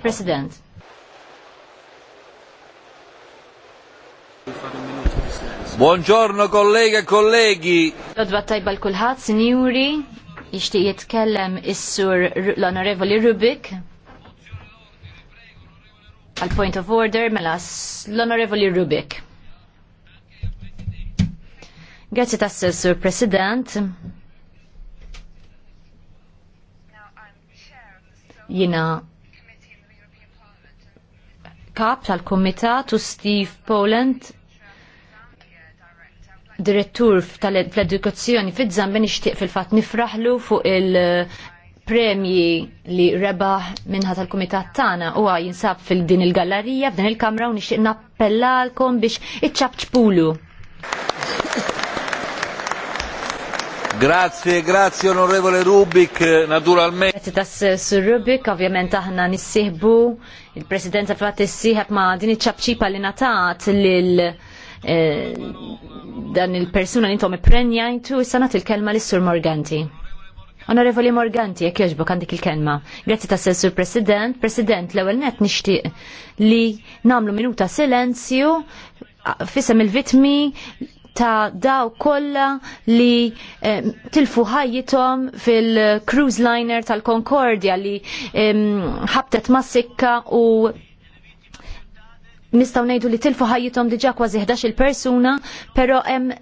President. Buongiorno kollega e kollegi. Lodba tajba l-kulħat, sinjuri, ixti jitkellem is-sur l-onorevoli Rubik. Al point of order, mela l-onorevoli Rubik. Grazie tasse, sur President. Jina kap tal-Komitat u Steve Poland, direttur tal-edukazzjoni fit zamben ixtieq fil-fat nifraħlu fuq il-premji li rebaħ minnħat tal-Komitat tana u jinsab fil-din il-gallerija f'din il-kamra u nixtieq nappellalkom biex iċċabċpulu Grazie, grazie onorevole Rubik, naturalmente. Grazie tas sur Rubik, ovvjament aħna nissieħbu il-President fatt issieħab ma' din iċ li natat lil eh, dan il-persuna li intom iprenjajtu issa nagħti il-kelma lis sur Morganti. Onorevoli Morganti, jek joġbok għandik il-kelma. Grazzi ta' Sur President. President, l ewwel net nishtiq li namlu minuta silenzju fissem il-vitmi ta' daw kollha li eh, tilfu ħajjithom fil-cruise liner tal-Concordia li ħabtet eh, massikka u nistaw nejdu li tilfu ħajjitom diġa kważi 11 persuna, pero hemm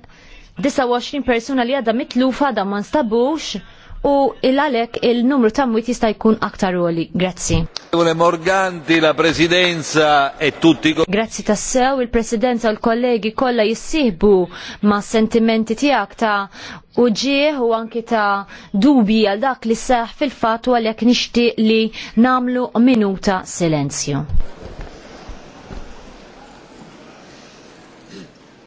29 persuna li għadha mitlufa da ma nstabux u il-għalek il-numru ta' jtista jista' jkun aktar għoli. Grazzi. Morganti, la presidenza e tutti Grazzi tassew, il-presidenza u l-kollegi kolla jissihbu ma sentimenti tijak ta' uġieħ u anki ta' dubi għal dak li seħ fil-fat u għal jek li namlu minuta silenzju.